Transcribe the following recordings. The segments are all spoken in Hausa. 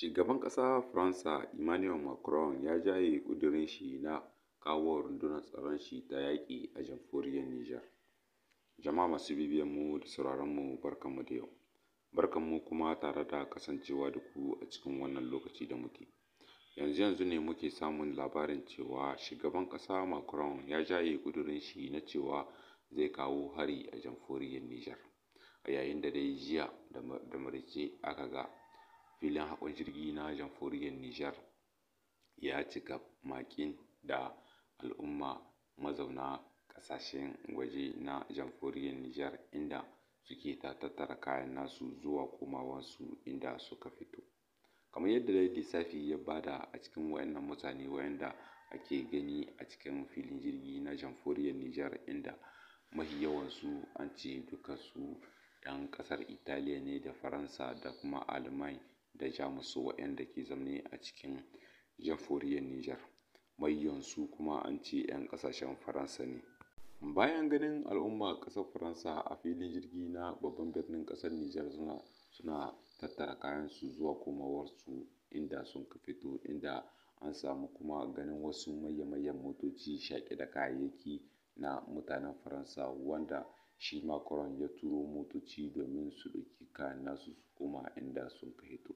Shugaban ƙasa Faransa Emmanuel Macron ya jaye ƙudurin shi na kawo rundunar tsaron shi ta yaƙi a jamhuriyar Nijar. Jama'a masu bibiyan mu da sauraron mu barkan mu da yau. barkan mu kuma tare da kasancewa da ku a cikin wannan lokaci da muke. Yanzu yanzu ne muke samun labarin cewa shugaban ƙasa Macron ya jaye ƙudurin shi na cewa zai kawo hari a jamhuriyar Nijar. A yayin da dai jiya da maraice aka ga filin haƙon jirgi na jamhuriyar Nijar ya cika maƙin da al'umma mazauna ƙasashen waje na jamhuriyar Nijar inda suke ta tattara kayan nasu zuwa komawarsu inda suka fito. Kamar yadda dai lissafi ya bada a cikin wayannan mutane waɗanda ake gani a cikin filin jirgi na jamhuriyar Nijar inda mafi yawansu an ce su 'yan ƙasar Italiya ne da Faransa da kuma Alman. da jamusu waɗanda ke zamne a cikin jamhuriyar nijar mayyansu kuma an ce 'yan ƙasashen faransa ne bayan ganin al'umma ƙasar faransa a filin jirgi na babban birnin ƙasar nijar suna suna tattara su zuwa komawarsu inda sun fito inda an samu kuma ganin wasu manya-manyan motoci shaƙe da kayayyaki na mutanen Faransa wanda shi Macron ya turo motoci domin su ɗauki kayan nasu su koma inda sun fahito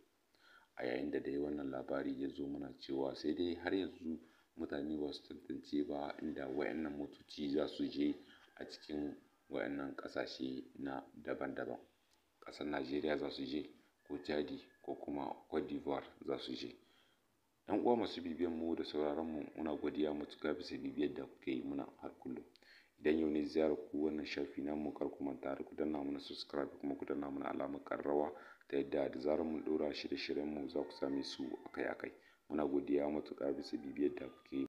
A yayin da dai wannan labari ya zo mana cewa sai dai har yanzu mutane ba su tantance ba inda waɗannan motoci za su je a cikin waɗannan ƙasashe na daban-daban. Ƙasar Najeriya za su je ko Chadi ko kuma Cote d'Ivoire za su je. 'Yan uwa masu bibiyan mu da sauraron mu muna godiya matuƙa bisa bibiyar da kuke yi muna har kullum. Idan yau ne ziyarar ku wannan shafi mu kar ku manta da ku danna mana subscribe kuma ku danna mana alamar ƙararrawa ta yadda da zarar mun ɗora shirye-shiryen mu za ku same su akai-akai. Muna godiya matuƙa bisa bibiyar da kuke yi.